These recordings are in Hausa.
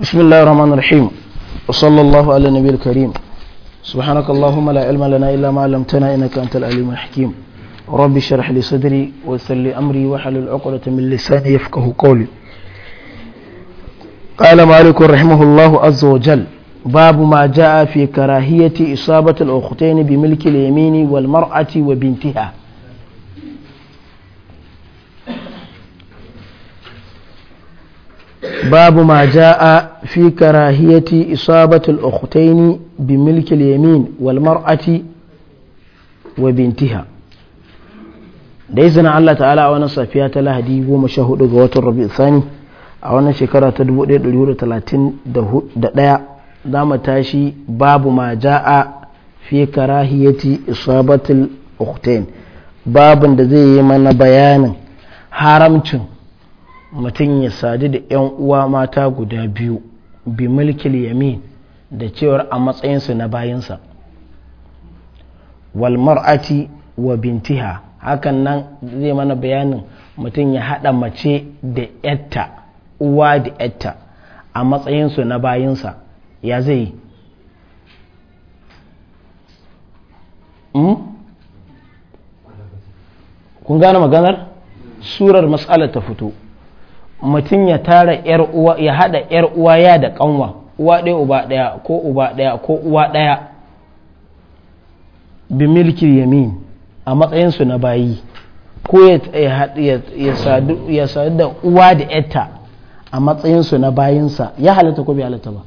بسم الله الرحمن الرحيم وصلى الله على النبي الكريم سبحانك اللهم لا علم لنا إلا ما علمتنا إنك أنت العليم الحكيم ربي اشرح لي صدري ويسر لي أمري واحلل عقدة من لساني يفقه قولي قال مالك رحمه الله عز وجل باب ما جاء في كراهية إصابة الأختين بملك اليمين والمرأة وبنتها باب ما جاء في كراهية إصابة الأختين بملك اليمين والمرأة وبنتها da izinin Allah ta'ala a wannan safiya ta lahadi goma sha hudu ga watan rabi sani a wannan shekara ta 1431 za mu tashi babu ma ja'a fi karahiyati isabatul uktain babin da zai yi mana bayanin haramcin mutum ya sadu da 'yan uwa mata guda biyu bi mulkil yamin da cewar a matsayinsu na bayansa wal mar'ati wa bintiha hakan nan zai mana bayanin mutum ya haɗa mace da yatta uwa da yatta a matsayinsu na bayinsa ya zai yi hmm? kun gane maganar surar matsalar ta fito mutum ya tara yar uwa ya hada yar uwa ya da kanwa uwa ɗaya uba ɗaya ko uba ɗaya ko uwa ɗaya bi milkin yamin a matsayinsu na bayi ko ya sadu da uwa da yatta a matsayinsu na bayinsa ya halatta ko bai halatta ba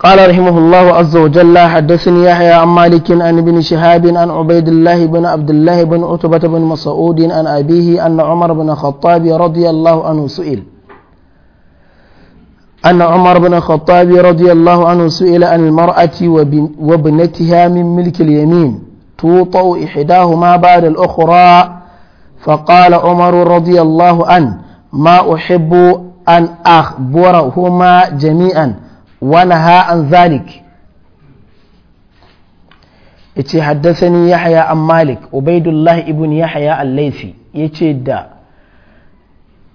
قال رحمه الله عز وجل حدثني يحيى عن مالك عن ابن شهاب عن عبيد الله بن عبد الله بن عتبة بن مسعود عن أبيه أن عمر بن الخطاب رضي الله عنه سئل أن عمر بن الخطاب رضي الله عنه سئل عن المرأة وابنتها من ملك اليمين توطأ إحداهما بعد الأخرى فقال عمر رضي الله عنه ما أحب أن أخبرهما جميعا ونهى عن ذلك yace haddathani yahya an malik ubaidullah ibn yahya al-laythi yace da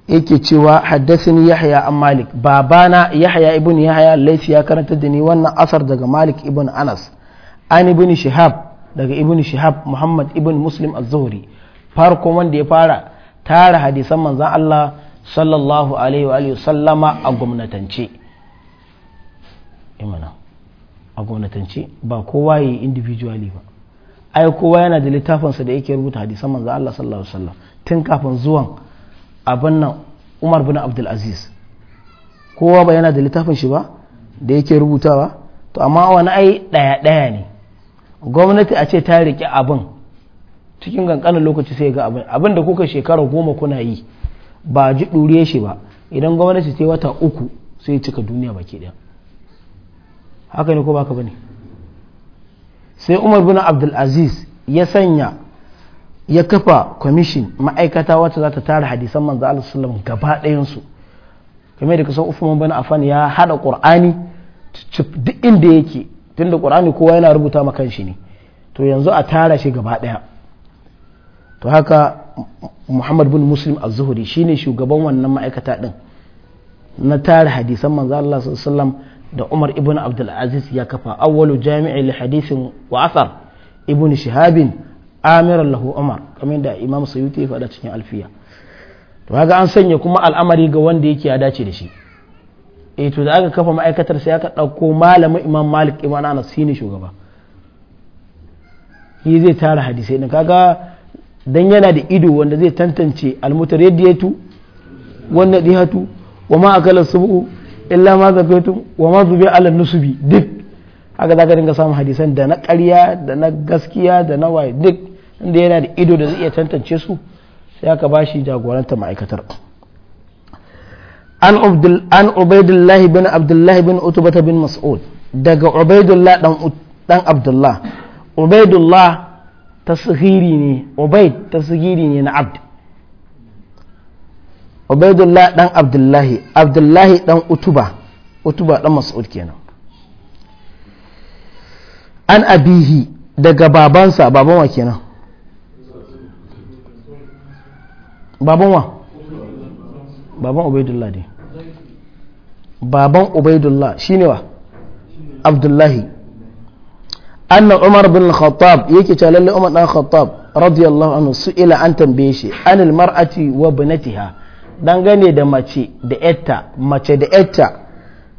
yake cewa haddathani yahya an malik babana yahya ibn yahya al ya karanta da ni wannan asar daga malik ibn anas an ibn shihab daga ibn shihab muhammad ibn muslim az-zuhri farko wanda ya fara tara hadisan manzan Allah sallallahu alaihi wa sallama a gwamnatance imana a gwamnatance ba kowa yi individually ba ai kowa yana da littafinsa da yake rubuta hadisan manzo Allah sallallahu alaihi wasallam tun kafin zuwan abin nan Umar bin Abdul Aziz kowa ba yana da littafin shi ba da yake rubutawa to amma wani ai daya daya ne gwamnati a ce ta riƙe abin cikin kankanin lokaci sai ga abin abin da kuka shekara goma kuna yi ba ji ɗure shi ba idan gwamnati ta wata uku sai cika duniya baki ɗaya haka ne ko baka bane sai umar bin abdulaziz ya sanya ya kafa kwamishin ma'aikata wacce za ta tara hadisan manzo Allah sallallahu gaba ɗayansu kamar da kasan Uthman bin Affan ya hada Qur'ani duk inda yake tunda Qur'ani kowa yana rubuta ma shi ne to yanzu a tara shi gaba ɗaya to haka Muhammad bin Muslim az shi ne shugaban wannan ma'aikata ɗin na tara hadisan manzo Allah sallallahu da Umar ibn Abdul Aziz ya kafa awwalu jami'i li hadithin wa athar ibn Shihab amiran lahu Umar kamar da Imam Suyuti ya faɗa cikin alfiya to kaga an sanya kuma al'amari ga wanda yake ya dace da shi eh to da aka kafa ma'aikatar sai aka ɗauko malamin Imam Malik Imam Anas shine shugaba shi zai tara hadisai din kaga dan yana da ido wanda zai tantance al-mutaraddiatu wannan nadihatu wa ma akala subu illa ma zabaitum wa ma zubi ala nusubi duk haka zaka dinga samun hadisan da na ƙarya da na gaskiya da na waye duk inda yana da ido da zai iya tantance su sai aka bashi jagoranta ma'aikatar an abdul an ubaidullahi bin abdullahi bin utbata bin mas'ud daga ubaidullah dan dan abdullah ubaidullah tasghiri ne ubaid tasghiri ne na abd ubaidullah ɗan abdullahi abdullahi ɗan utuba utuba ɗan mas'ud kenan an abihi daga babansa baban wa kenan baban wa baban ubaidullah ne baban ubaidullah wa abdullahi anna umar bin khattab yake cewa lalle umar dan khattab radiyallahu anhu su'ila an tambaye shi anil mar'ati wa banatiha dangane da mace da yatta mace da yatta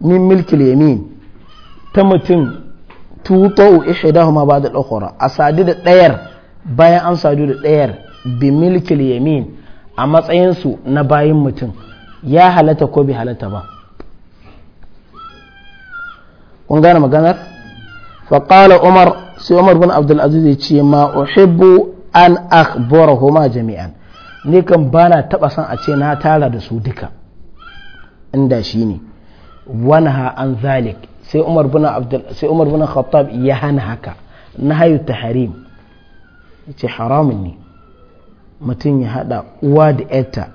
min milkil yamin ta mutum tutau ihdahuma ba da ukhra a sadu da ɗayar bayan an sadu da ɗayar bi milkil yamin a matsayinsu na bayin mutum ya halatta ko bai halatta ba kun gane maganar faƙala umar sai umar bin abdulaziz ya ce ma uhibbu an akhbarahuma jami'an ne kan ba na taɓa son a ce na tara da su duka inda shi ne wani ha an zalik sai umar bin khattab ya hana haka na nahayu harim ce haramun ne mutum ya hada uwa da yarta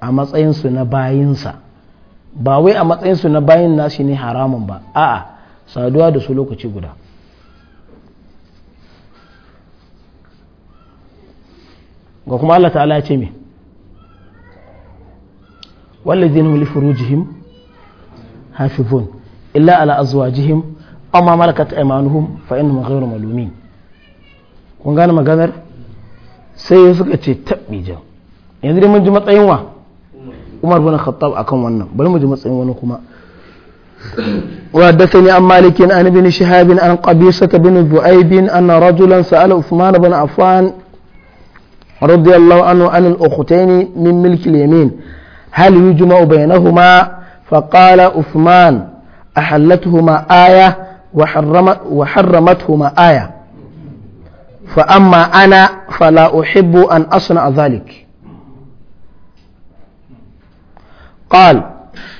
a matsayinsu na bayinsa ba wai a matsayinsu na bayin nashi ne haramun ba a'a saduwa da su lokaci guda ga kuma Allah ta'ala ya ce me wallazina li furujihim hafizun illa ala azwajihim aw ma malakat aymanuhum fa innahum ghayru malumin kun gane maganar sai suka ce tabbi jan yanzu dai mun ji matsayin wa Umar bin Khattab akan wannan bari mu ji matsayin wani kuma وحدثني عن مالك عن ابن شهاب عن قبيصة بن ذؤيب أن رجلا سأل عثمان بن عفان رضي الله عنه عن الأختين من ملك اليمين هل يجمع بينهما فقال عثمان أحلتهما آية وحرمت وحرمتهما آية فأما أنا فلا أحب أن أصنع ذلك قال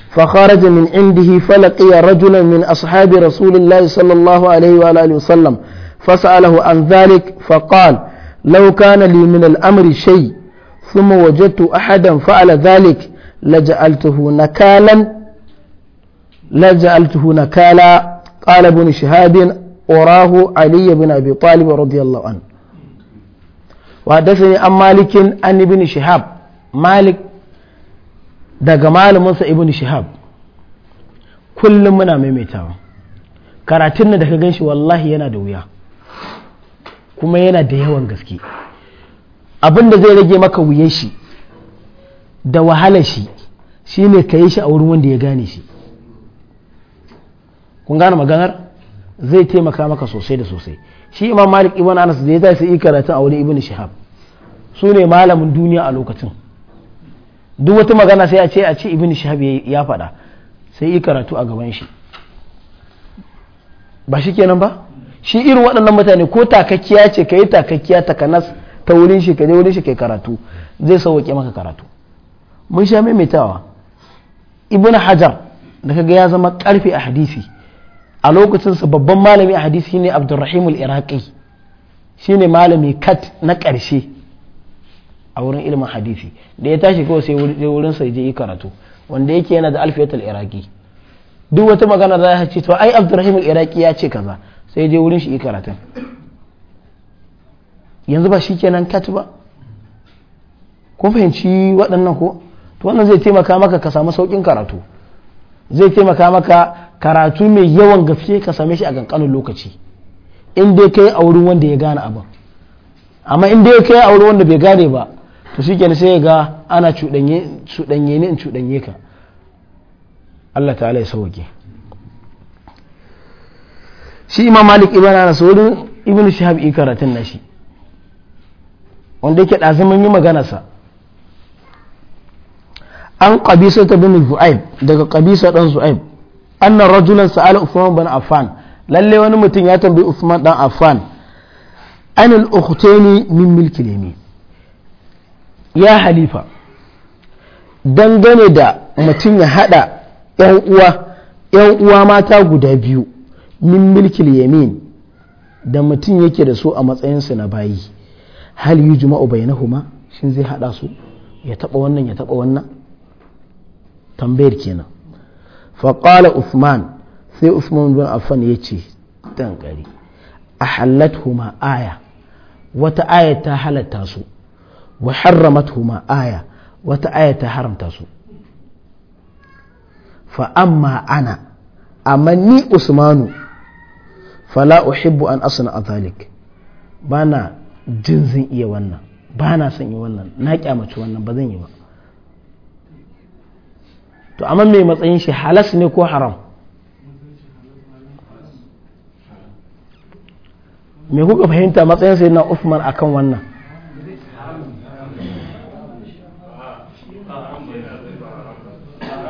فخرج من عنده فلقي رجلا من أصحاب رسول الله صلى الله عليه وآله وسلم فسأله عن ذلك فقال لو كان لي من الأمر شيء ثم وجدت أحدا فعل ذلك لجعلته نكالا لجعلته نكالا قال ابن شهاب وراه علي بن أبي طالب رضي الله عنه وحدثني عن مالك أن ابن شهاب مالك daga malaminsa ibn shihab kullum muna maimaitawa karatun da ka gan shi wallahi yana da kuma yana da yawan gaske abin da zai rage maka wuyan shi da wahalar shi shine ka yi shi a wurin wanda ya gane shi kun gane maganar zai taimaka maka sosai da sosai shi imam malik ibn anas da ya zai yi karatu a wurin ibn shihab su ne malamin duniya a lokacin duk wata magana sai a ce a ce ibn shihab ya faɗa sai yi karatu a gaban shi ba shi kenan ba shi irin waɗannan mutane ko takakkiya ce ka yi takakkiya kanas ta wurin shi ka je wurin shi kai karatu zai sauwaƙe maka karatu mun sha maimaitawa ibn hajar da kaga ya zama karfe a hadisi a lokacinsa babban malami a hadisi shine abdurrahim al-iraqi shine malami kat na ƙarshe a wurin ilimin hadisi da ya tashi kawai sai wurin sai je yi karatu wanda yake yana da alfiyatul Iraki iraqi duk wata magana za ya ce to ai abdurrahim al-iraqi ya ce kaza sai je wurin shi karatun yanzu ba shi kenan kat ba ko fahimci waɗannan ko to wannan zai taimaka maka ka samu sauƙin karatu zai taimaka maka karatu mai yawan gaske ka same shi a ƙanƙanin lokaci in dai kai a wurin wanda ya gane abin amma in dai kai a wurin wanda bai gane ba to shi kenan sai ga ana cuɗanye ne in cuɗanye ka Allah ta'ala ya sauke shi imam malik ibn anas wurin ibn shihab yi karatun na shi wanda yake ɗazumin yi maganarsa an qabisa ta bin zu'aib daga qabisa dan zu'aib anna rajulan sa'ala usman bin affan lalle wani mutum ya tambayi usman dan affan an al ukhtaini min milki yamin ya halifa dangane da mutum ya hada yan uwa yan uwa mata guda biyu min milkil yamin da mutum yake da su a matsayinsu na bayi hal yi juma'u bainahuma shin zai hada su ya taɓa wannan ya taba wannan tambayar kenan faƙala usman sai usman bin affan ya ce dankari a halathuma aya wata aya ta halatta su wa harramathuma aya wata aya ta haramta su fa amma ana amma ni usmanu fala uhibbu an asna a zalik bana jin zan iya wannan bana son yi wannan na kyamaci wannan ba zan yi ba to amma mai matsayin shi halas ne ko haram me kuka fahimta matsayin sai na Uthman akan wannan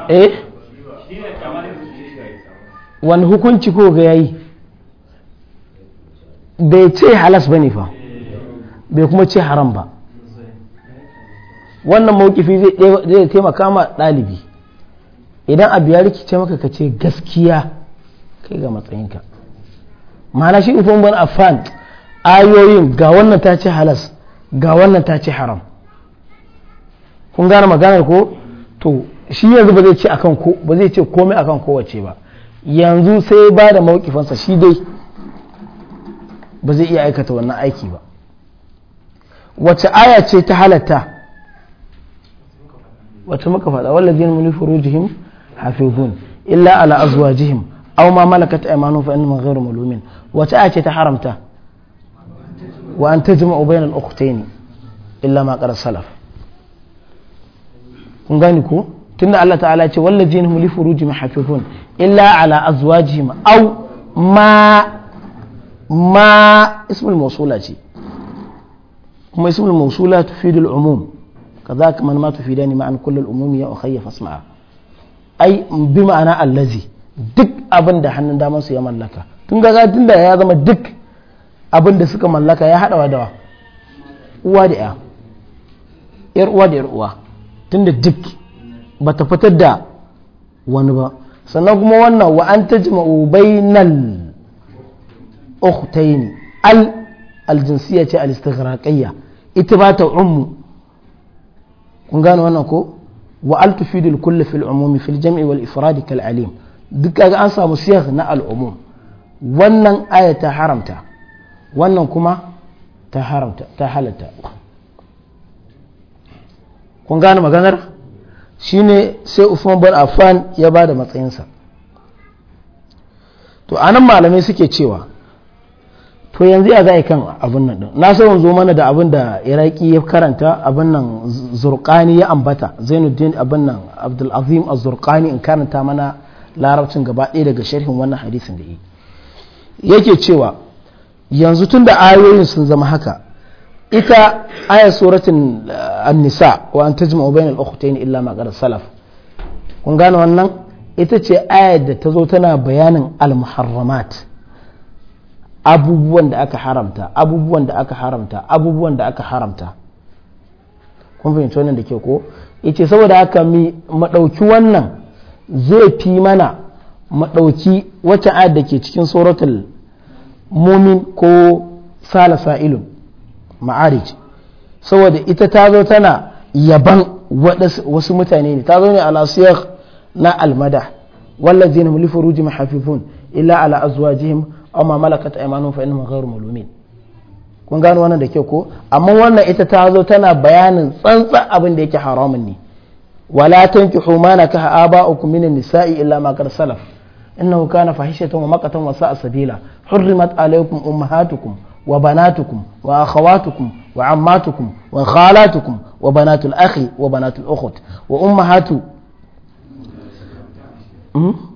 eh wani hukunci ko ga yayi bai ce halas ba ne fa bai kuma ce haram ba wannan maukifi zai taimaka ma ɗalibi idan abu ya rikice maka ka ce gaskiya kai ga matsayinka ma'ana shi ufon ban afan ayoyin ga wannan ta ce halas ga wannan ta ce haram kun gane maganar ko to shi yanzu ba zai ce komai akan kowace ba yanzu sai ba da maukifansa shi dai ba zai iya aikata wannan aiki ba wace aya ce ta halatta wace muka faɗa wallazina min furujihim hafizun illa ala azwajihim aw ma malakat aymanuhum fa innahum ghayru malumin wace aya ce ta haramta wa an tajma'u bayna al-ukhtayn illa ma qad salaf kun gani ko tunda Allah ta'ala ya ce wallazina hum li furujihim hafizun illa ala azwajihim aw ma ma ismul mausula ce kuma ismul mausula tufidul umum kaza kamar ma tufidani ma'an kullul umumi ya ukhayya fasma'a ai bi ma'ana allazi duk abin da hannun damar su ya mallaka tun ga tun da ya zama duk abin da suka mallaka ya hadawa dawa uwa da ya yar uwa da yar uwa tun da duk ba ta fitar da wani ba sannan kuma wannan wa an bai bainal ukhtaini al aljinsiyya al-istighraqiyya ita ba ta ummu wannan ko wa al tufidul kull fil umumi fil ifrad kal alim duk an samu siyar na al umum wannan aya ta haramta wannan kuma ta haramta ta halatta kun maganar shine sai Usman bin Affan ya ba da matsayinsa to a nan malamai suke cewa to yanzu ya za kan abin nan din na so yanzu mana da abin da iraki ya karanta abin nan zurqani ya ambata zainuddin abin nan abdul azim az-zurqani in karanta mana larabcin gaba ɗaya daga sharhin wannan hadisin da yi yake cewa yanzu tun da ayoyin sun zama haka ita ayat suratin eh, an-nisa wa an tajma'u bainal ukhtayn illa ma ƙarar salaf kun gane wannan ita ce ayat da ta zo tana bayanin al-muharramat abubuwan da aka haramta abubuwan da aka haramta abubuwan da aka haramta kun fahimci wannan da ke ko ce saboda haka mi madauki wannan zai fi mana madauki wacce ayat da ke cikin suratul mumin ko salasa ilm ma'arij saboda ita ta zo tana yaban wasu mutane ne ta zo ne ala na almada wallazina na li furujihim hafifun illa ala azwajihim amma malakat aymanu fa innahum ghayru malumin kun gano wannan da kyau ko amma wannan ita ta zo tana bayanin tsantsan abin da yake haramun ne wala tankihu ma nakaha aba'ukum min nisa'i illa ma qad salaf innahu kana fahishatan wa maqatan wa sa'a sabila hurrimat alaykum ummahatukum wa banatukum wa akhawatukum wa ammatukum wa khalatukum wa banatul akhi wa banatul ukhut wa ummahatu mm?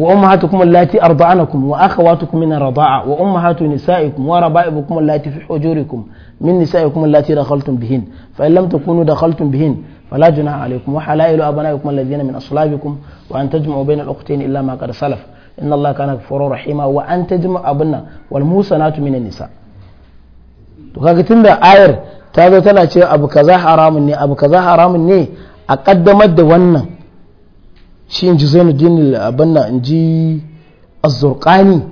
وأمهاتكم اللاتي أرضعنكم وأخواتكم من الرضاعة وأمهات نسائكم وربائبكم اللاتي في حجوركم من نسائكم اللاتي دخلتم بهن فإن لم تكونوا دخلتم بهن فلا جناح عليكم وحلائل أبنائكم الذين من أصلابكم وأن تجمعوا بين الأختين إلا ما قد سلف إن الله كان غفورا رحيما وأن تجمع أبنا والموسنات من النساء تكاكتن ده آير تازو تنا أبو كذا حرام ني أبو كذا حرام ني أقدمت ده ونن shi in ji zainuddin abin in ji azurkani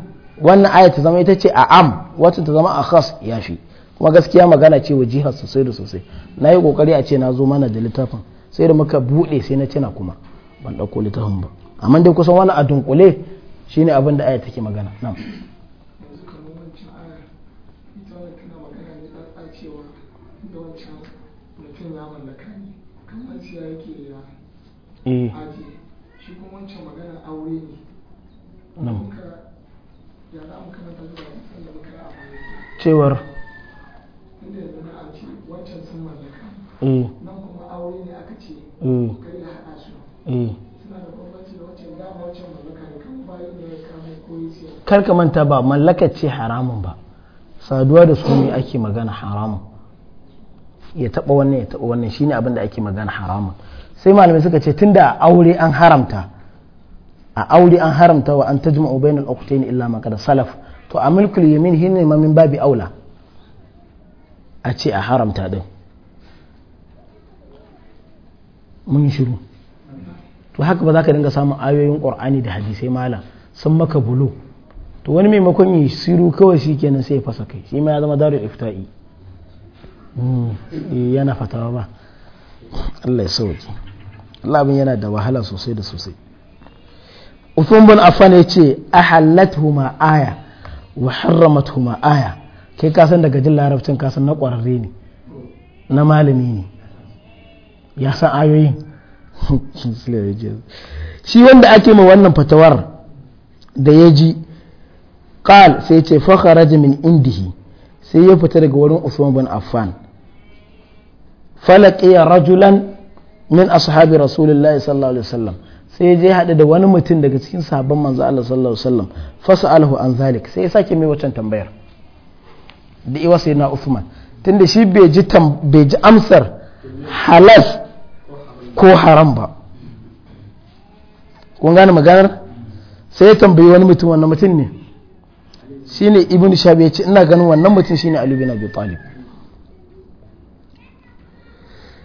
wannan aya ta zama ita ce a am wata ta zama a khas ya fi kuma gaskiya magana ce wa jihar sosai da sosai na yi kokari a ce na zo mana da littafin sai da muka buɗe sai na cina kuma ban ɗauko littafin ba amma dai kusan wani a dunkule shi ne abin da aya take magana nan eh wuce magana aure ne cewar nan manta ba mallaka ce haramun ba saduwa da su ne ake magana haramun ya taɓa wannan ya taɓa wannan shine abin da ake magana haramun sai malamai suka ce tunda aure an haramta a aure an haramta wa an tajma'u bainal ukhtayn illa ma kada salaf to a mulkul yamin hinne ma min babi aula a ce a haramta din mun shiru to haka ba za ka dinga samun ayoyin qur'ani da hadisai malam sun maka bulu to wani maimakon yi siru kawai shi kenan sai ya fasa kai shi ma ya zama daru ifta'i hmm. eh, yana fatawa ba Allah ya sauke Allah abin yana da wahala sosai da sosai Uthman bin Affan ya ce ma aya wa ma aya kai ka san daga jin larabcin ka san na ƙwararre ne na malami ne ya san ayoyin shi wanda ake ma wannan fatawar da ya ji qal sai ce fa kharaja min indihi sai ya fita daga wurin Uthman bin Affan falaqiya rajulan min ashabi rasulillahi sallallahu alaihi wasallam sai je haɗu da wani mutum daga cikin sabon manzo Allah sallallahu alaihi wasallam alahu an zalik sai ya sake mai wancan tambayar da iwa sai na Uthman tunda shi bai ji bai ji amsar halal ko haram ba kun gane maganar sai ya tambayi wani mutum wannan mutum ne shine ibnu shabi ya ce ina ganin wannan mutum shine Ali bin Abi Talib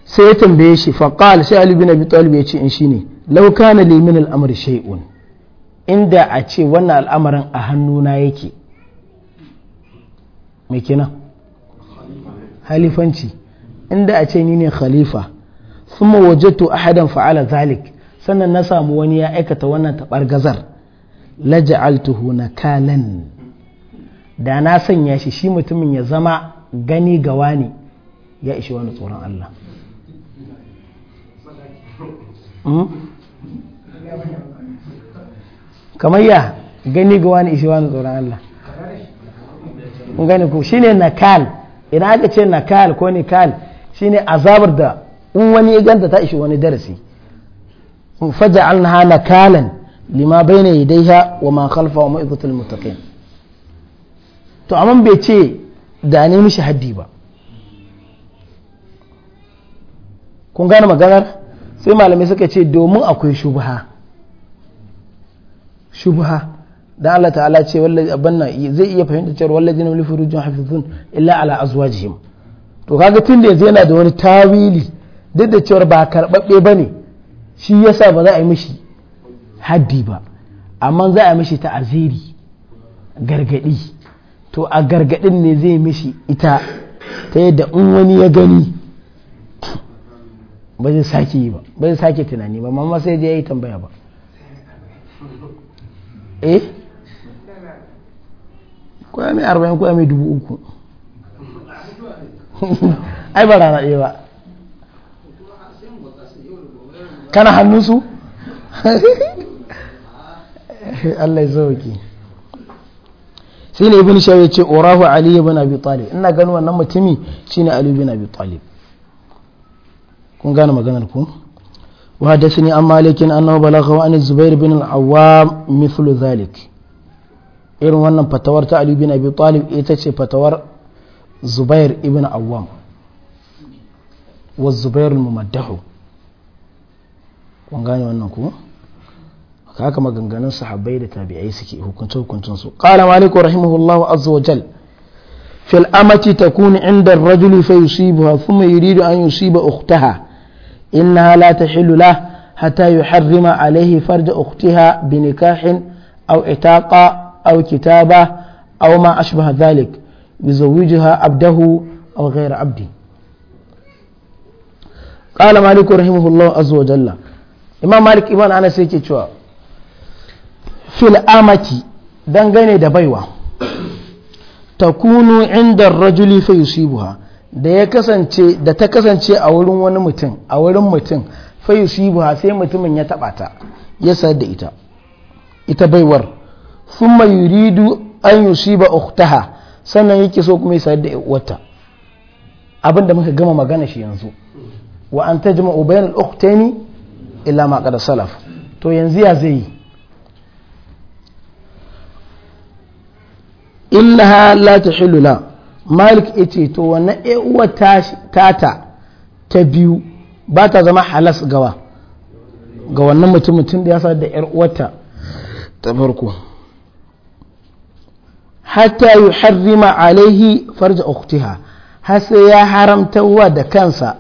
sai ya tambaye shi faqal sai Ali bin Abi Talib ya ce in shine Lauka kana limin min inda a ce wannan al'amarin a hannuna yake mai kina halifanci inda a ce ni ne khalifa to a hadan fa'ala zalik sannan na samu wani ya aikata wannan tabar gazar laja'altuhu kalan da na sanya shi shi mutumin ya zama gani ga wani ya ishi wani tsoron Allah hmm? kamar ya gani ga wani isi wani tsoron Allah kun gane ko shine nakal idan aka ce nakal ko nikal shine azabar da in wani ya ganta ta ishi wani darasi faja'alnaha nakalan lima bai bayna yadayha wa ma kalfa wa ma'idatul mutakai to amma bai ce da ne mishi haddi ba kun gane maganar sai malamai suka ce domin akwai shubha shubha da Allah ta'ala ce abban zai iya fahimta cewa wallahi na furujun hafizun illa ala azwajihim to kaga tun da yanzu yana da wani tawili duk da cewa ba karbabbe bane shi yasa ba za a yi mishi haddi ba amma za a yi mishi ta'aziri gargadi to a gargadin ne zai mishi ita ta yadda in wani ya gani ba zai sake yi ba ba zai sake tunani ba amma sai dai ya yi tambaya ba eh kwaya mai arba'in kwaya mai dubu uku ai ba rana ɗaya ba kana hannunsu Allah ya zauki sai ne ibn shawai ce orahu ali ibn abi talib ina ganin wannan mutumi shine ali ibn abi talib kun gane maganar ku an عن مالك أنه بلغه عن الزبير بن العوام مثل ذلك irin wannan fatawar ta Ali bin Abi Talib ita ce fatawar Zubair ibn Awwam wa Zubair al-Mumaddahu kun gane wannan ku haka maganganun sahabbai da tabi'ai suke hukunce hukuncin su qala malik rahimahullah azza wa jal amati takunu inda ar-rajuli fa yusibuha thumma yuridu an yusiba ukhtaha إنها لا تحل له حتى يحرم عليه فرج أختها بنكاح أو إتاقة أو كتابة أو ما أشبه ذلك يزوجها عبده أو غير عبده قال مالك رحمه الله عز وجل إمام مالك إمام أنا سيكي شوى في الآمة دنغني دبيوة تكون عند الرجل فيصيبها da ya kasance da ta kasance a wurin wani mutum a wurin mutum fa yusibu sai mutumin ya taba ta ya sayar da ita ita baiwar thumma yuridu an yusiba ukhtaha sannan yake so kuma ya sayar da wata abinda muka gama magana shi yanzu wa an tajma'u al ukhtaini illa ma qad salaf to yanzu ya zai yi la tahillu la malik ya ce to wannan uwa tata ta biyu ba ta zama halas gawa ga wannan mutum mutum da ya sa da yar uwarta ta farko hatta yi harrima alaihi farji uktiha har sai ya haramta wa da kansa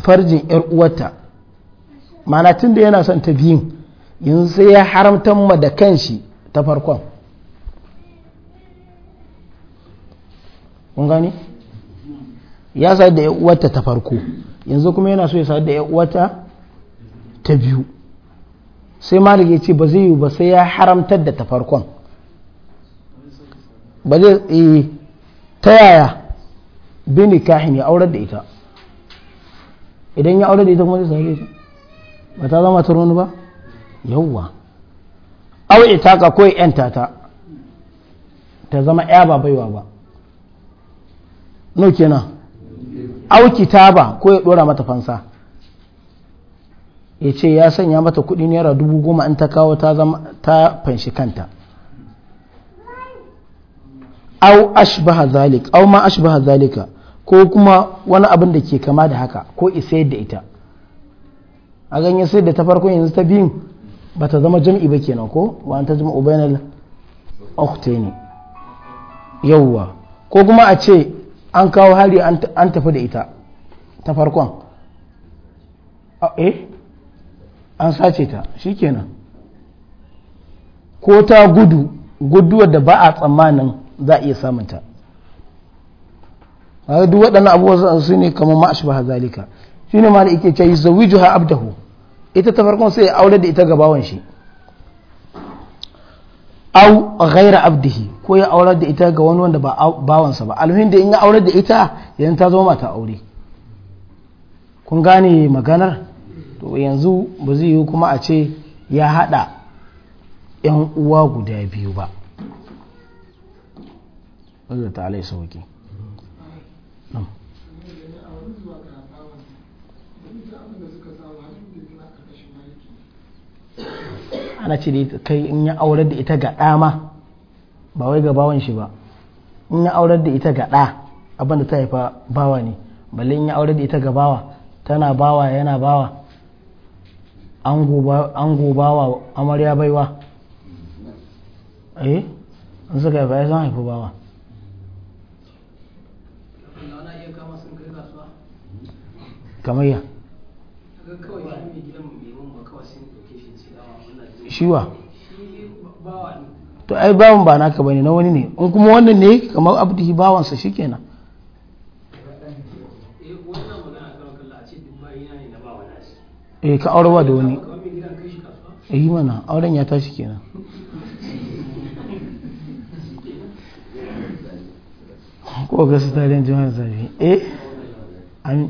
farjin yar uwarta Mana tun da yana son ta biyun yanzu sai ya haramta ma da kanshi ta farkon kun gani ya sadu da uwarta ta farko yanzu kuma yana so ya sadu da uwarta ta biyu sai malik ya ce ba zai yi ba sai ya haramtar da ta farkon ba zai yi eh, ta yaya bini kahin ya aurar da ita idan ya aurar da ita kuma zai sake ta ba ta zama turun ba yauwa au ita ka koyi 'yan ta ta zama ya ba baiwa ba no kenan au kitaba ko ya dora mata fansa ya ce ya sanya mata kudi naira dubu goma in ta kawo ta zama ta fanshi kanta au ashbaha zalik au ma ashbaha zalika ko kuma wani abin da ke kama da haka ko isayar da ita a ganye sai da ta farko yanzu ta biyun ba ta zama jam'i ba kenan ko wa ta zama ubainal ne yawwa ko kuma a ce an kawo hari an tafi da ita ta farkon eh an sace ta shi kenan ko ta gudu guduwar da ba a tsammanin za a iya samunta a duk waɗannan abubuwa su ne kamar ma'ashi ba hazalika shi ne ma da ike ce yi zawijuha abdahu ita ta farkon sai ya aure da ita gabawan shi au ghaira abdihi ko ya aurar da ita ga wani wanda ba bawansa ba alhin da in ya aurar da ita yanzu ta zama mata aure kun gane maganar to yanzu ba zai yi kuma a ce ya hada yan uwa guda biyu ba Allah ta'ala ana ce kai in ya aurar da ita ga ɗa ma ba wai ga bawan shi ba in ya aurar da ita ga ɗa abin da ta haifa bawa ne balle in ya aurar da ita ga bawa tana bawa yana bawa an bawa amarya baiwa eh in suka haifa ya san haifu bawa kamar ya shiwa to ai bawan ba naka bane na wani ne in kuma wannan ne kamar abdihi bawansa shikenan eh ka aurewa da wani yi eh, mana auren ya tashi kenan ko ga su tarihin jihar zafi eh an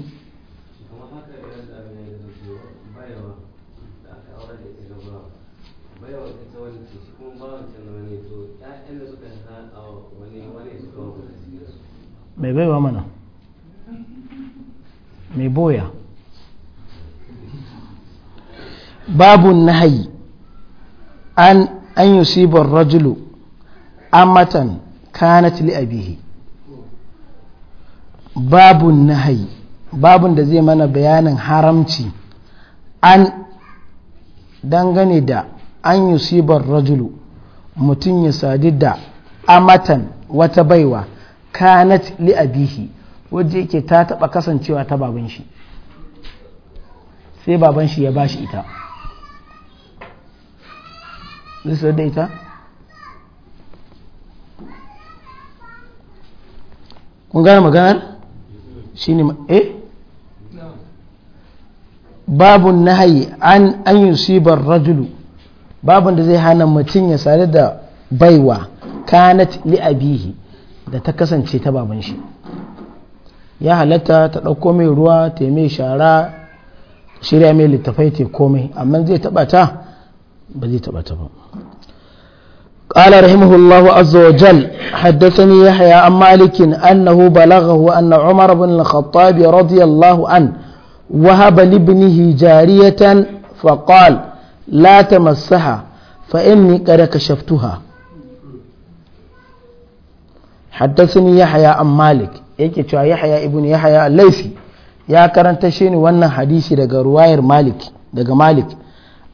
mai baiwa mana mai boya babu nahayi an an yusibar rajulu amatan kanat li babu nahayi babun da zai mana bayanin haramci an dangane da an yusibar rajulu mutum ya sadi da amatan wata baiwa kanat li abihi wadda yake ta taba kasancewa ta baban shi sai baban shi ya bashi ita zai da ita kun gane maganar shi ne eh babu nahayi an an yusibar rajulu babun da zai hana mutum ya sadu da baiwa kanat li abihi da ta kasance ta baban ya halatta ta ɗauko mai ruwa ta mai shara shirya mai littafai ta komai amma zai taɓa ta ba zai taɓa ta ba ƙala rahimahullahu azawajal haddasani ya haya malikin annahu balagahu anna umar bin al-khattabi radiyallahu an wahaba libnihi jariyatan faqal la tamassaha fa inni qad kashaftuha حدثني يحيى an malik yake cewa يحيى ابن يحيى الليثي يا ya karanta shi ne wannan hadisi daga ruwayar malik daga malik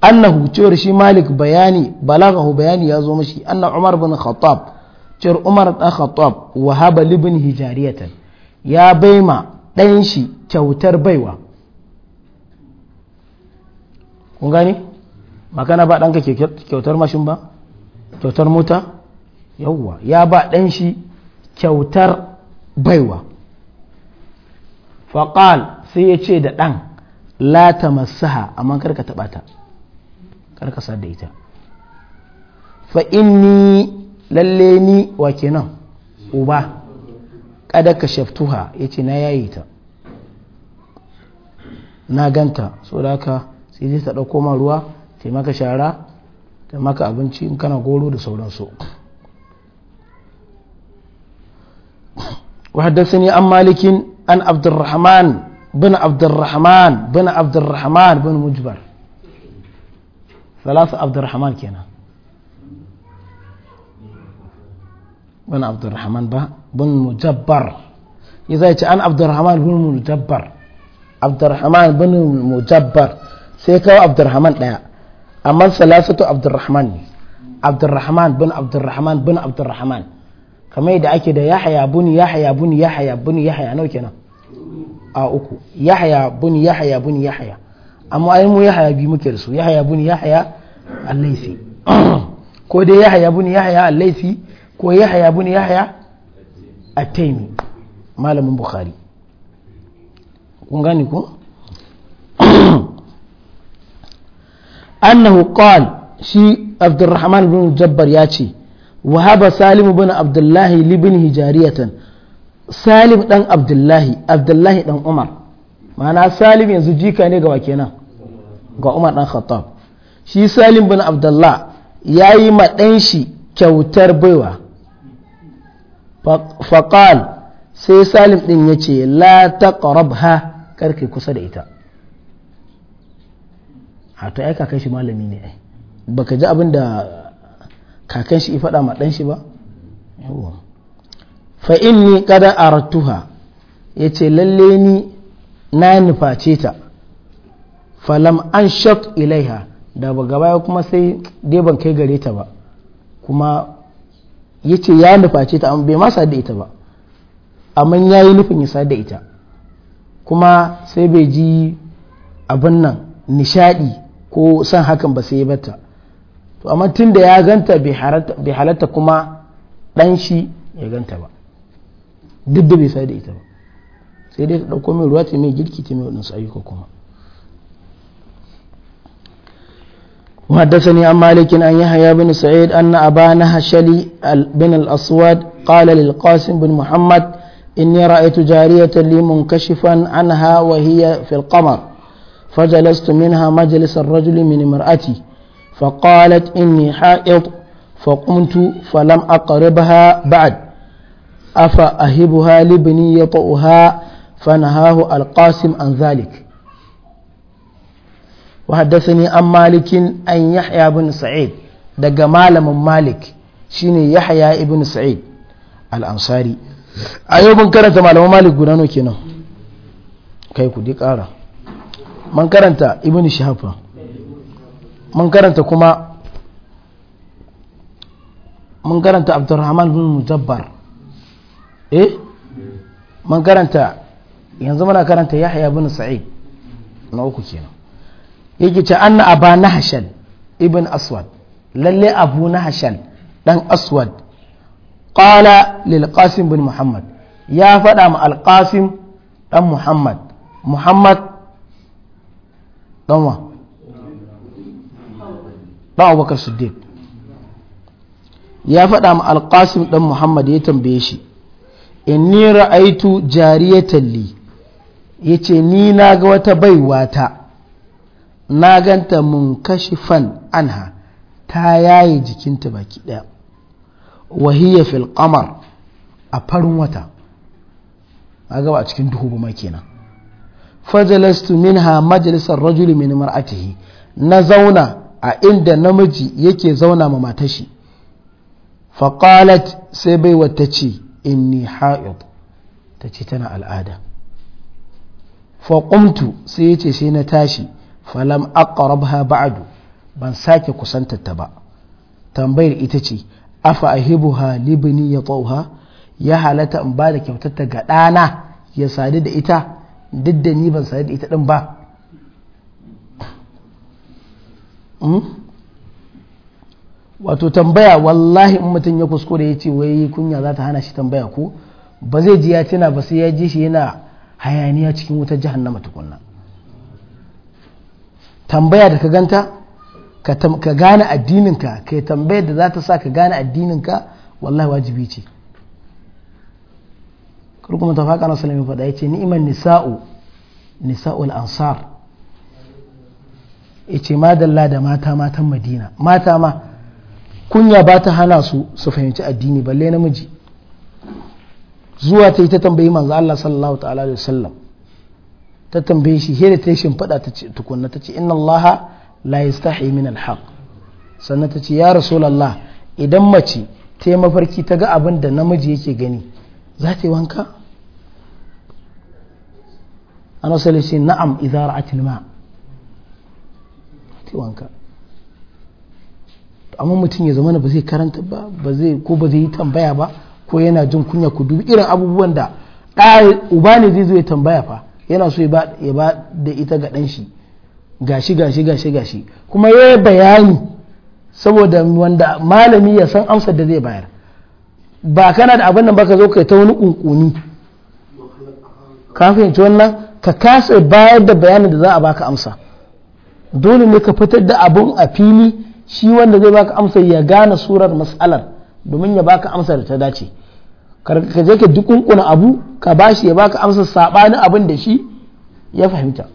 annahu cewar shi malik bayani balagahu bayani ya zo mashi anna umar bin khattab cewar umar dan khattab wahaba libin hijariyatan ya baima shi kyautar baiwa kun gani magana ba ɗanka kyautar mashin ba kyautar mota yawwa ya ba ɗan shi kyautar baiwa faƙal sai ya ce da ɗan la ta masaha amma karka taɓa ta karka sa da ita fa inni lalle ni wa kenan uba kada ka shaftuha yace ce na yayi ta na ganta so da haka sai zai ta ɗauko ma ruwa taimaka shara taimaka abinci in kana goro da sauransu وحدثني عن مالك عن عبد الرحمن بن عبد الرحمن بن عبد الرحمن بن مجبر ثلاثة عبد الرحمن كنا بن عبد الرحمن بن مجبر إذا يتي أن عبد الرحمن بن مجبر عبد الرحمن بن مجبر سيكو عبد الرحمن لا أما ثلاثة عبد الرحمن عبد الرحمن بن عبد الرحمن بن عبد الرحمن kamar yadda ake da yahaya buni yahaya buni yahaya buni yahaya nawa kenan a uku yahaya buni yahaya buni yahaya amma ai mu yahaya bi muke da su yahaya buni yahaya allaisi ko dai yahaya buni yahaya allaisi ko yahaya buni yahaya at malamin bukhari kun gani ko annahu qala shi abdurrahman bin jabbar ya ce وهب سالم بن عبد الله لابنه جارية سالم دان عبد الله عبد الله دان عمر معنى سالم ينزو جيكا ني غوا كينا غا عمر دان خطاب شي سالم بن عبد الله ياي ما dan كوتر بيوا فقال سي سالم دين din لا تقربها كركي karki kusa da ita a to ai ka kai shi baka ji abin kakan shi faɗa ma ɗan shi ba fa inni kada artuha ya ce lalle ni na nuface ta falam an shak ilaiha da ba gaba kuma sai dai ban kai gare ta ba kuma ya ce ya nuface ta amma bai ma sa da ita ba amma ya yi nufin ya sa da ita kuma sai bai ji abin nan nishadi ko san hakan ba sai ya bata to amma tun da ya ganta bai halatta kuma ɗan shi ya ganta ba duk da bai sa da ita ba sai dai ta ɗauko mai ruwa ta mai girki ta mai waɗansu ayyuka kuma وحدثني عن مالك أن يحيى بن سعيد أن أبا نهشلي بن الأسود قال للقاسم بن محمد إني رأيت جارية لي منكشفا عنها وهي في القمر فجلست منها مجلس الرجل من امرأتي فقالت إني حائض فقمت فلم أقربها بعد أفأهبها لابني يطؤها فنهاه القاسم عن ذلك وحدثني عن مالك أن يحيى بن سعيد دق من مالك شيني يحيى بن سعيد الأنصاري أيوب كانت مالم مالك قلنا كنا كيف دي قارة من كانت ابن شهاب mun karanta kuma mun karanta abdurrahman bin mujabbar eh mun karanta yanzu muna karanta yahya bin sa'id na uku kenan yake ce anna aba nahshal ibn aswad lalle abu nahshal dan aswad qala lil qasim bin muhammad ya fada ma al qasim dan muhammad muhammad dan wa ba bakar siddiq ya faɗa ma alƙasim ɗan muhammad ya tambaye shi in ni ra'aitu jariyatan li ya ni na ga wata baiwata na ganta mun kashi fan anha ta yaye jikinta baki ɗaya wahiyya fil qamar a farin wata a gaba a cikin duhu ma kenan fajalastu minha majalisar rajuli min mar'atihi na zauna a inda namiji yake zauna ma matashi faƙalat sai bai wata ce inni ha'id ta ce tana al'ada faƙumtu sai yace ce sai na tashi falam aqrabha ba'du ban sake kusantarta ba tambayar ita ce afa ahibuha libni ya tsauha ya halata in ba da kyautarta ga ɗana ya sadu da ita duk da ni ban sadu da ita ɗin ba Hmm? wato tambaya wallahi in mutum ya kuskure ya ce wai kunya za ta hana shi tambaya ko ba zai ji ya tuna ba sai ya ji shi yana hayaniya cikin wutar jahannama tukunna tambaya da ka ganta ka gane addininka ka yi tambayar da za ta sa ka gane addininka wallahi wajibi ce kurkuma ta faƙa na salami faɗa ya ce ni'imar nisa'u nisa'ul ansar yace madalla da mata matan madina mata ma kunya ba ta hana su su fahimci addini balle namiji zuwa ta yi ta tambayi manzo Allah sallallahu ta'ala da wasallam ta tambaye shi hira ta shin fada ta ce tukunna ta ce inna Allah la yastahi min al sannan ta ce ya rasulullah idan mace ta mafarki ta ga abin da namiji yake gani za ta yi wanka ana sai na'am idza ra'atil ma' kai amma mutum ya zama ba zai karanta ba ko ba zai yi tambaya ba ko yana jin kunya ku dubi irin abubuwan da uba ne zai zo ya tambaya fa yana so ya ba da ita ga ɗan shi gashi gashi gashi gashi kuma ya yi bayani saboda wanda malami ya san amsar da zai bayar ba kana da abin nan ba ka zo kai ta wani kunkuni ka fahimci wannan ka kasa bayar da bayanin da za a baka amsa dole ne ka fitar da abun a fili shi wanda zai baka amsa ya gane surar matsalar domin ya baka amsa da ta dace ka je ka dukunkuna abu ka bashi ya baka amsa sabanin abin da shi ya fahimta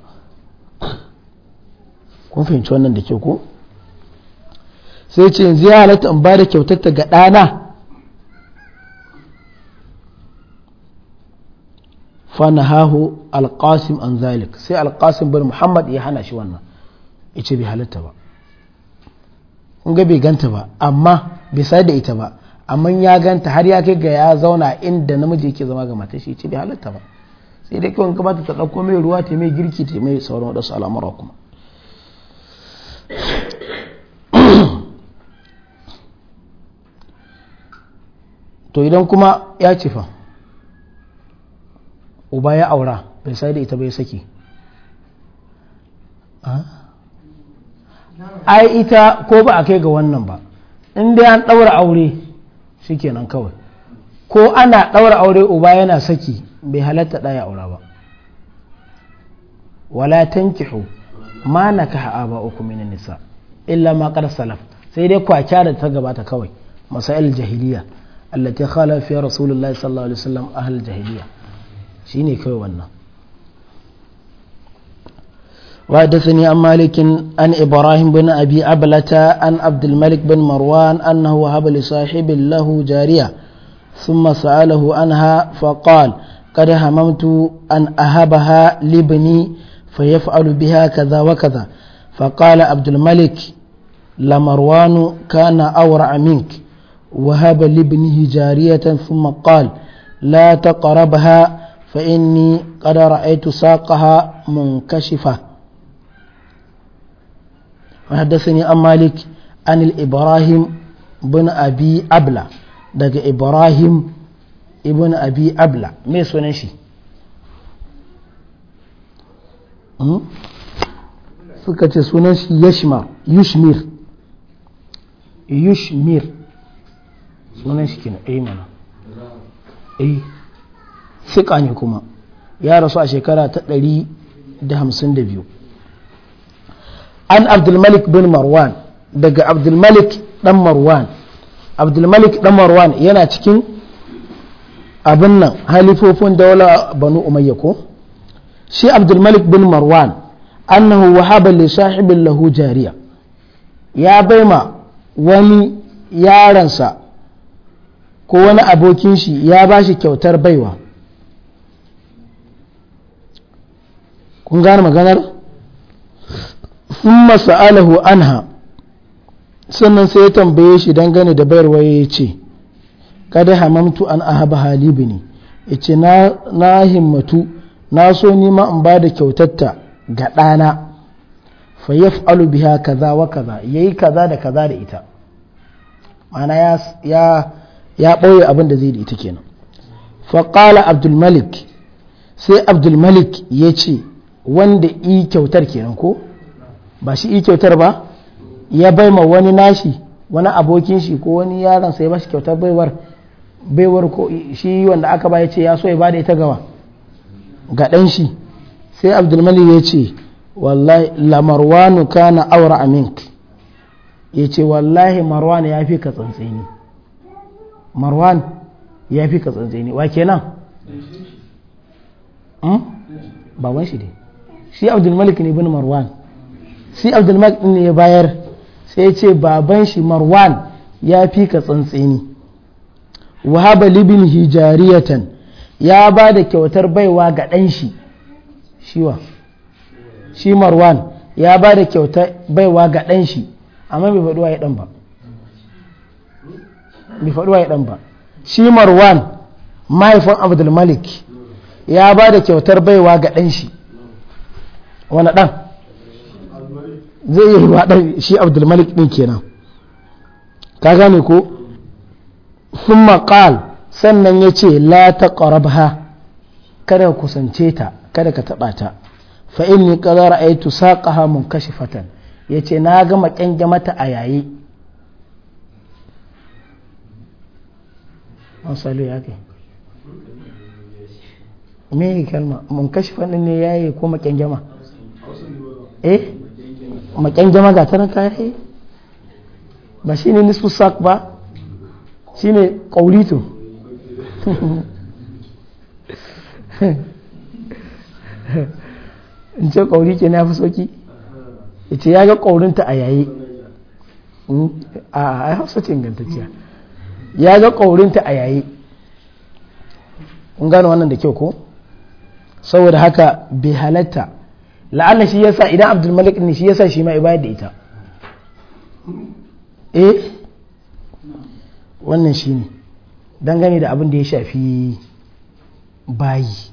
kun fahimci wannan da ke ko sai ce yanzu ya halatta in ba da kyautarta ga ɗana fanahahu alƙasim an zalik sai alƙasim bin muhammad ya hana shi wannan ice bai halatta ba kun ga bai ganta ba amma bai sayar da ita ba amma ya ganta har ya kai ga ya zauna inda namiji yake zama ga matar shi ce bai halatta ba sai dai kawai kamata ta ɗauko mai ruwa ta mai girki ta mai sauran waɗansu al'amura kuma to idan kuma ya ce fa uba ya aura bai sai da ita bai saki ah? ai ita ko ba a kai ga wannan ba in dai an ɗaura aure kenan kawai ko ana ɗaura aure uba yana saki bai halatta ɗaya aura ba wala tankihu ma ba uku min nisa illa ma ƙar salaf sai dai kwacha da ta gabata kawai masail jahiliya allati khala fi rasulullahi sallallahu alaihi wasallam ahal jahiliya shine kawai wannan وحدثني عن مالك عن إبراهيم بن أبي عبلة عن عبد الملك بن مروان أنه وهب لصاحب له جارية ثم سأله عنها فقال قد هممت أن أهبها لابني فيفعل بها كذا وكذا فقال عبد الملك لمروان كان أورع منك وهب لابنه جارية ثم قال لا تقربها فإني قد رأيت ساقها منكشفة وحدثني عن مالك عن الإبراهيم بن أبي أبلة دق إبراهيم ابن أبي أبلة ما شيء suka ce sunan shi yushmir yushmir sunan shi kina ai mana ai ne kuma ya rasu a shekara ta 152 an abdulmalik bin marwan daga abdulmalik dan marwan abdulmalik dan marwan yana cikin abin nan halifofin daular banu umayya ko shi abdulmalik bin marwan annahu wahaba li sahibin lahu jariya ya baima wani yaransa ko wani abokin shi ya ba shi kyautar baiwa kun gane maganar in sa'alahu anha sannan sai ya tambaye shi dangane da bayarwa ya ce kada hamamtu an ahaba halibu ne ya ce na himmatu na so nima in ba da kyautatta ga ɗana fa yaf'alu biha kaza wa kaza yi kaza da kaza da ita ma'ana ya ɓoye abin da zai da ita kenan fa ƙala abdulmalik sai abdulmalik ya ce wanda i kyautar kenan ko ba shi yi kyautar ba ya bai ma wani nashi wani abokin shi ko wani yaron sai ba shi kyautar baiwar baiwar ko shi wanda aka ba ya ce ya so ya bada ita gawa ga dan shi sai abdulmalik ya ce wallahi lamarwanu kana aura amink ya ce wallahi marwan ya fi ka tsantseni marwan ya fi ka tsantseni wa kenan wani hmm? shi ne shi abdulmalik ne bin marwan sai abdulmalik ne ya bayar sai ya ce baban shi marwan ya fi ka tsantseni wahaba libin hijariyatan ya ba da kyautar baiwa ga ɗan shi shiwa shi marwan ya ba da kyautar baiwa ga ɗan shi amma bai faɗuwa ya ɗan ba bai faɗuwa ya ɗan ba shi marwan mahaifin abdulmalik ya ba da kyautar baiwa ga ɗan shi wani ɗan zai yi waɗa shi abdulmalik ɗin kenan ka gane ko sun maƙal sannan ya ce la ta ƙarabha kada kusance ta kada ka taɓa ta fa'in ne ƙazara a yi tusaƙaha mun kashe fatan ya ce na gama ƙyange mata a yayi me kalma mun kashi fatan ne yayi kuma ƙyange ma eh maƙyan jama ga ta nan tare ba shi ne nisfu sak ba shi ne kaurito in ce ƙauri ke na fi soki ita ya ga ƙaurinta a yayi hmm? a hausa ce ingantacciya ya ga ƙaurinta a yayi kun gano wannan da kyau ko saboda haka bai halatta la'alla shi yasa idan abdul malik ne shi yasa shi ma ibayar da ita eh wannan shi ne dangane da abin da ya shafi bayi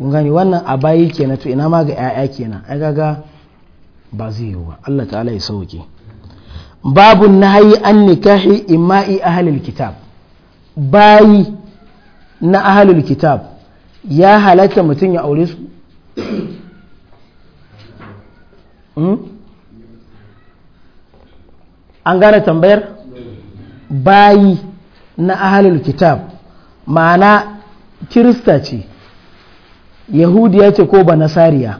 gani wannan a bayi kenan to ina ma ga 'ya'ya kenan ya gaga ba zai yiwu ba Allah ta'ala ya sauke babu na hayi an nikahi ima'i ahalil kitab bayi na ahlul kitab ya halatta mutum ya aure su Hmm? an gane tambayar bayi na ahalul kitab ma'ana kirista ce yahudiya ce ko ba nasariya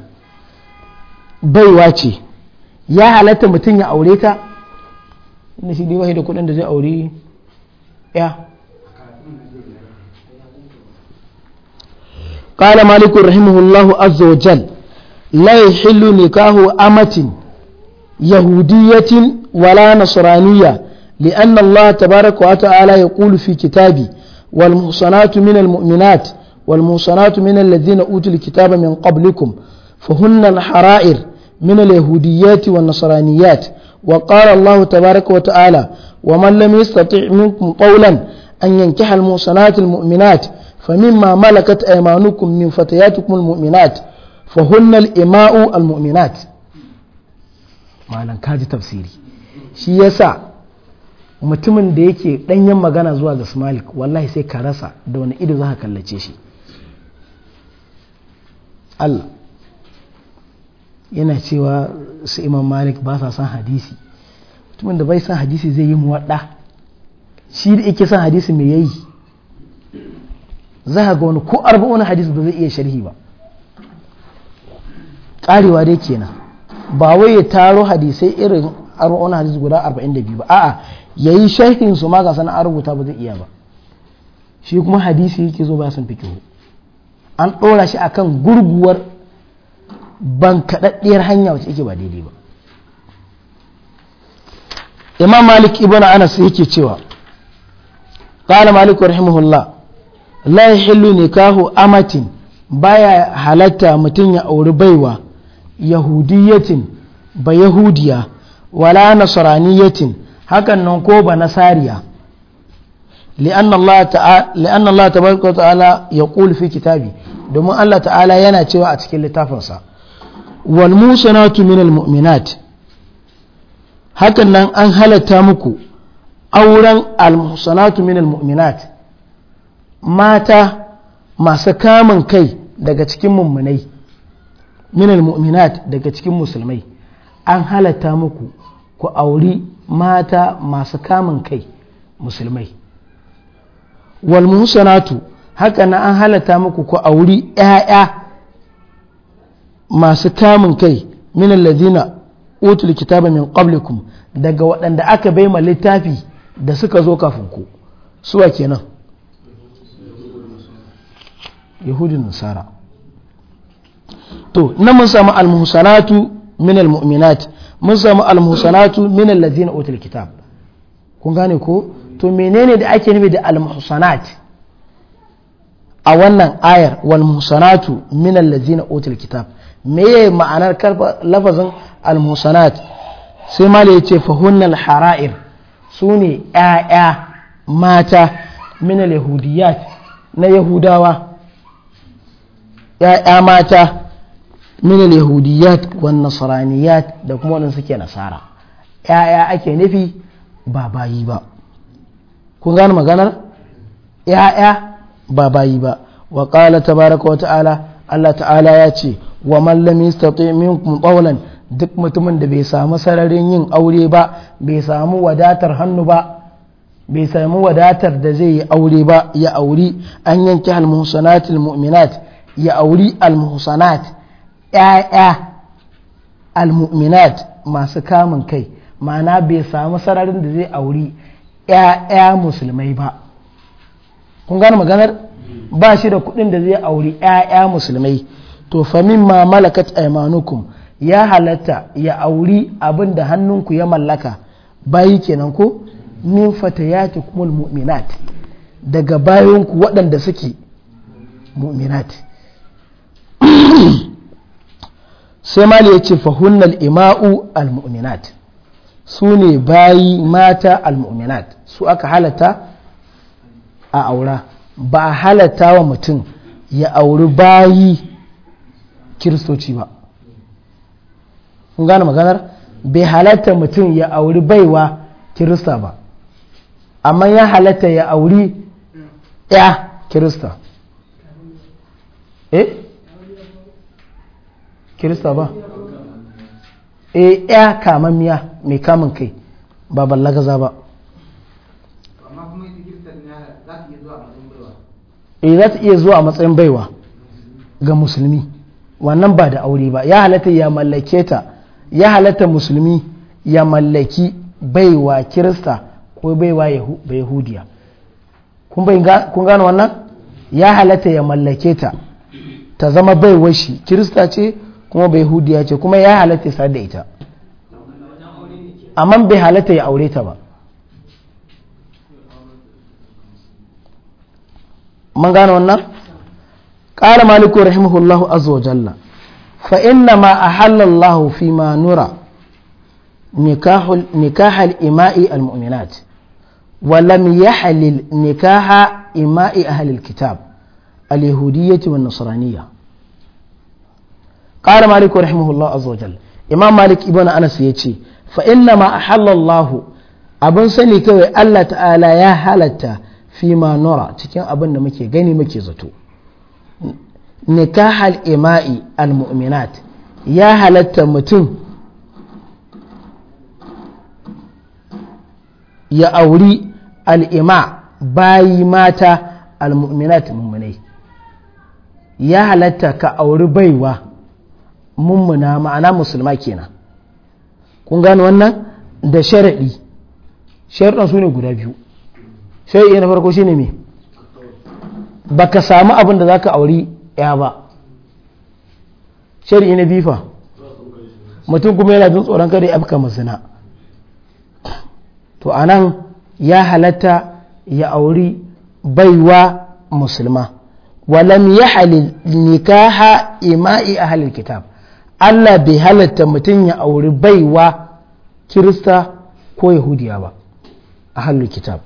baiwa ce ya halatta mutum ya aure ta inda shi diwa da kudin da zai aure ya قال مالك رحمه الله عز وجل لا يحل نكاه أمة يهودية ولا نصرانية لأن الله تبارك وتعالى يقول في كتابه والمحصنات من المؤمنات والمحصنات من الذين أوتوا الكتاب من قبلكم فهن الحرائر من اليهوديات والنصرانيات وقال الله تبارك وتعالى ومن لم يستطع منكم قولا أن ينكح المحصنات المؤمنات فمما ملكت أيمانكم من فتياتكم المؤمنات fahunnal ima'u al-mu'minat malam kaji tafsiri shi yasa mutumin da yake ɗanyen magana zuwa ga malik wallahi sai ka rasa da wani ido za ka kallace shi Allah yana cewa su imam malik ba sa san hadisi mutumin da bai san hadisi zai yi muwaɗa shi da yake san hadisi mai yayi za ga wani ko arba'una hadisi ba zai iya sharhi ba karewa dai kenan ba wai ya taro hadisai irin arba'un hadis guda 42 ba a'a yi sharhin su ma ga sanan an rubuta ba zai iya ba shi kuma hadisi yake zo ba san fikihu an ɗora shi akan gurguwar ban kaɗaɗɗiyar hanya wacce yake ba daidai ba imam malik ibn anas yake cewa qala malik rahimahullah la yahillu nikahu amatin baya halatta mutum ya auri baiwa yahudiyatin ba yahudiya wala nasraniyatin hakan nan ko ba nasariya li'an Allah ta'ala ya qul fi kitabi domin Allah ta'ala yana cewa a cikin littafinsa wal musanatu al mu'minat hakan nan an halatta muku auren al-sunnati min minal mu'minat mata masu kamun kai daga cikin mummunai minal mu'minat daga cikin musulmai an halatta muku ku auri mata masu kamun kai musulmai wal muhsanatu haka na an halatta muku ku auri yaya masu kamun kai min alladhina utul kitaba min qablikum daga waɗanda aka bai ma littafi da suka zo kafin ku suwa kenan yahudin nasara to na mun samu almuhsanatu min almu'minat mun samu almuhsanatu min allazina utul kitab kun gane ko to menene da ake nufi da almuhsanat a wannan ayar wal muhsanatu min allazina utul kitab Me meye ma'anar lafazin almuhsanat sai mala ya ce hara'ir su ne ‘ya'ya mata al yahudiyat na yahudawa ‘ya'ya mata min al wa wan nasraniyat da kuma wadanda suke nasara ya'ya ake nufi ba bayi ba kun gane maganar ya'ya ba bayi ba wa qala tabaraka wa ta'ala Allah ta'ala ya ce wa man lam yastati minkum qawlan duk mutumin da bai samu sararin yin aure ba bai samu wadatar hannu ba bai samu wadatar da zai yi aure ba ya auri an yanke almuhsanatil mu'minat ya auri almuhsanat 'ya'ya almu'minat masu kamun kai ma'ana bai samu sararin da zai auri 'ya'ya musulmai ba kun gane maganar ba shi da kuɗin da zai auri 'ya'ya musulmai to famin ma malakat aimanukum ya halatta ya auri abin da hannunku ya mallaka bayi kenan ko min fatayati kumul mu'minat daga bayanku waɗanda suke mu'minat sai mali ya ce fahunnal ima'u muminat su ne bayi mata al-muminat su aka halata a aura ba a halata wa mutum ya auri bayi kiristoci ba kun gane maganar bai halata mutum ya auri baiwa kirista ba amma ya halata ya auri ya kirista eh kirista ba e ya kamamiya mai kamun kai ba ballagaza ba e za ta iya zuwa a matsayin baiwa ga musulmi wannan ba da aure ba ya halatta ya mallake ta ya halatta musulmi ya mallaki baiwa kirista ko baiwa yahudiya kun gano wannan ya halatta ya mallake ta ta zama baiwar shi kirista ce kuma bai hudiya ce kuma ya halatta sa da ita amma bai halatta ya aure ta ba man gane wannan ƙara maliku rahimahullahu azza wa jalla fa inna ma ahallallahu fi ma nura نكاح الإماء المؤمنات ولم يحلل نكاح إماء أهل الكتاب اليهودية والنصرانية Ƙara malik rahimahullah azza wajal imam malik ibn anas yace fa inna ma ahallallahu abin sani kawai Allah ta'ala ya halatta fi cikin abin muke gani muke zato nikahal ima'i al-mu'minat ya halatta mutum ya auri al'ima bayi mata al-mu'minat mummunai ya halatta ka auri baiwa mummuna ma'ana musulma kenan kun gane wannan da sharaɗi sharaɗin su ne guda biyu sharaɗi na farko shine me baka samu abin da zaka auri ya ba sharaɗi na bifa mutum kuma yana jin tsoron kada ya afka masana to anan ya halatta ya auri baiwa musulma walam ya halil nikaha ima'i halin kitab Allah bai halatta mutum ya auri baiwa kirista ko yahudiya ba a hannun kitab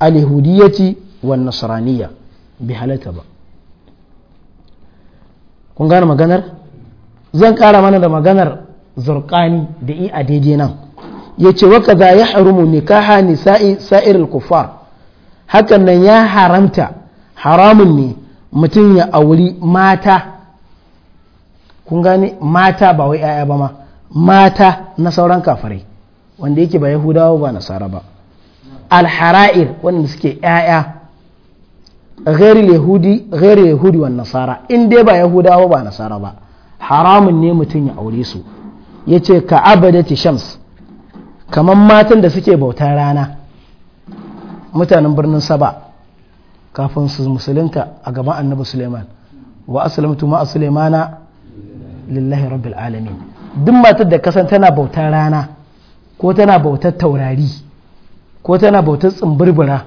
al-yahudiyyati wan nasraniya bai halatta ba kun gane maganar zan kara mana da maganar zurkani da i a daidai nan ya ce waka za ya harumu nikaha nisa'i sa'ir al-kufar hakan nan ya haramta haramun ne mutum ya auri mata kun gani mata ba wai 'ya'ya ba ma mata na sauran kafirai wanda yake ba yahudawa ba nasara ba alhara'ir wanda suke 'ya'ya ghairil yahudi ghairil yahudi wan nasara in dai ba yahudawa ba nasara ba haramun ne mutum ya aure su yace ka abadati shams kamar matan da suke bautar rana mutanen birnin saba kafin su musulunta a gaban annabi suleiman wa aslamtu ma sulaimana lillahi rabbil alamin duk matar da kasan tana bautar rana ko tana bautar taurari ko tana bautar tsumburbura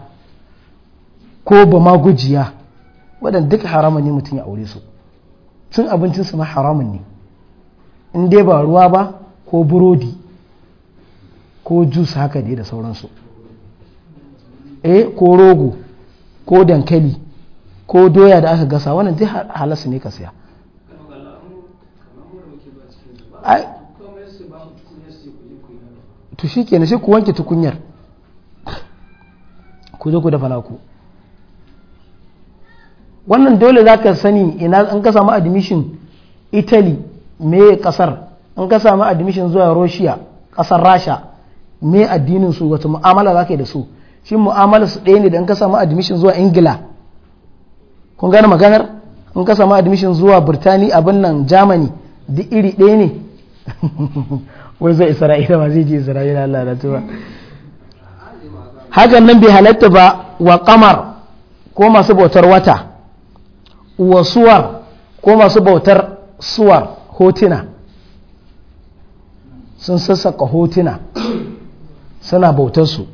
ko bama gujiya waɗanda duk haramun ne mutum ya aure su cin su ma haramun ne in dai ba ruwa ba ko burodi ko jus haka dai da sauransu eh ko rogo ko dankali ko doya da aka gasa wannan duk halasu ne ka siya to shi kenan sai ku wanke tukunyar ku zo ku dafa naku wannan dole za ka sani ina an ka samu admission italy me kasar an ka samu admission zuwa russia kasar rasha me addinin su wata mu'amala za ka yi da su shi mu'amala su ɗaya ne da in ka samu admission zuwa ingila kun gane maganar an ka samu admission zuwa birtani abin nan germany duk iri ɗaya ne wai zai isra'ila ba zai je isra'ila Allah da tuba hakan nan bai halatta ba wa kamar ko masu bautar wata wa suwar ko masu bautar suwar hotuna sun sassaka hotuna suna bautarsu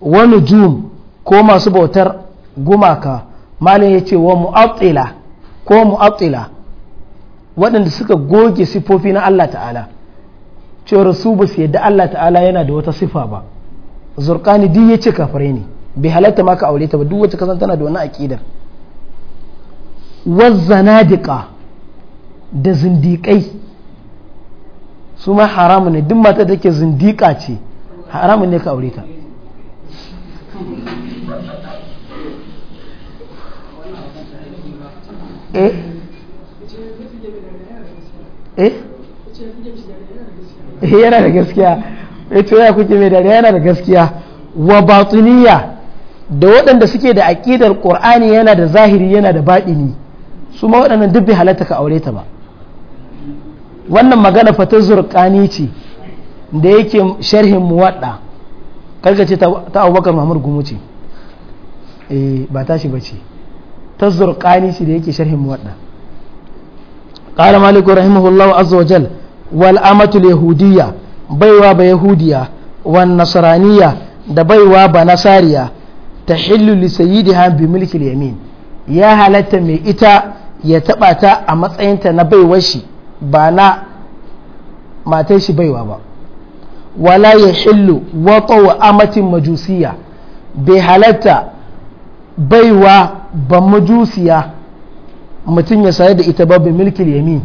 wani jum ko masu bautar gumaka malin ya ce wa mu'attila ko mu'attila waɗanda suka goge sifofi na Allah ta'ala cewar su ba su yadda Allah ta'ala yana da wata sifa ba zurkani duk ya ce kafare ne bai halatta ma ka aure ta ba duk wacce kasan tana da wani aƙidar wazzanadiqa da zindiƙai su ma haramu ne duk mata take zindiƙa ce haramun ne ka aure ta eh Eh? eh yana da gaskiya ita eh, ya kuke mai dariya yana da gaskiya wa batiniya da waɗanda suke da aƙidar ƙur'ani yana da zahiri yana da baɗini su ma waɗannan duk bai halatta ka aure ta ba wannan magana fata zurƙani ce da yake sharhin muwaɗa ce ta abubakar mahmud gumu ce eh ba tashi ba ce ta zurƙani ce da yake sharhin muwaɗa قال مالك رحمه الله عز وجل baiwa ba yahudiya بيهودية والنصرانية da baiwa ba nasariya ta hillu lisayidiha bi mulkil yamin ya halatta mai ita ya taba ta a matsayinta na baiwar shi ba na matar baiwa ba wala ya hillu wata wa amatin majusiya bai halatta baiwa ba majusiya mutum ya sayar da ita babu milkin yamin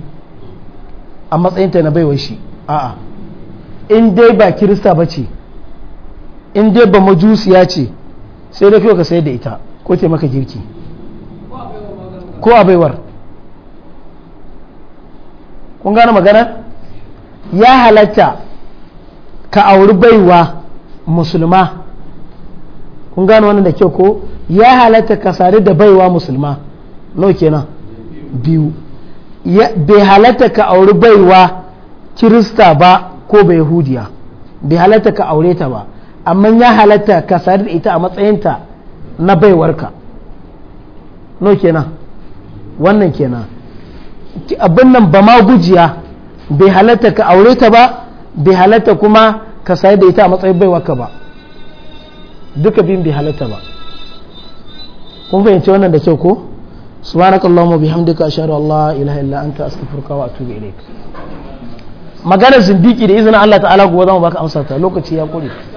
a matsayinta na baiwa shi a'a in dai ba kirista ba ce in dai ba majusiya ce sai dafi ka sayar da ita ko te maka girki ko a baiwar kun gane magana ya halatta ka auri baiwa musulma kun gane wannan da kyau ko ya halatta ka sari da baiwa musulma nau kenan biyu bai halatta ka auri baiwa kirista ba ko bai hudiya bai halatta ka aure ta ba amma ya halatta ka sayar da ita a matsayinta na baiwarka no kenan wannan kenan abin nan ba ma gujiya bai halatta ka aure ta ba bai halatta kuma ka sayar da ita a matsayin baiwarka ba duka biyun bai halatta ba kun fahimci wannan da kyau ko subhanakallahumma bihamdika ashhadu an la ilaha illa anta astaghfiruka wa atubu ilaik maganar zindiki da izinin Allah ta'ala gobe za mu baka amsa ta lokaci ya kure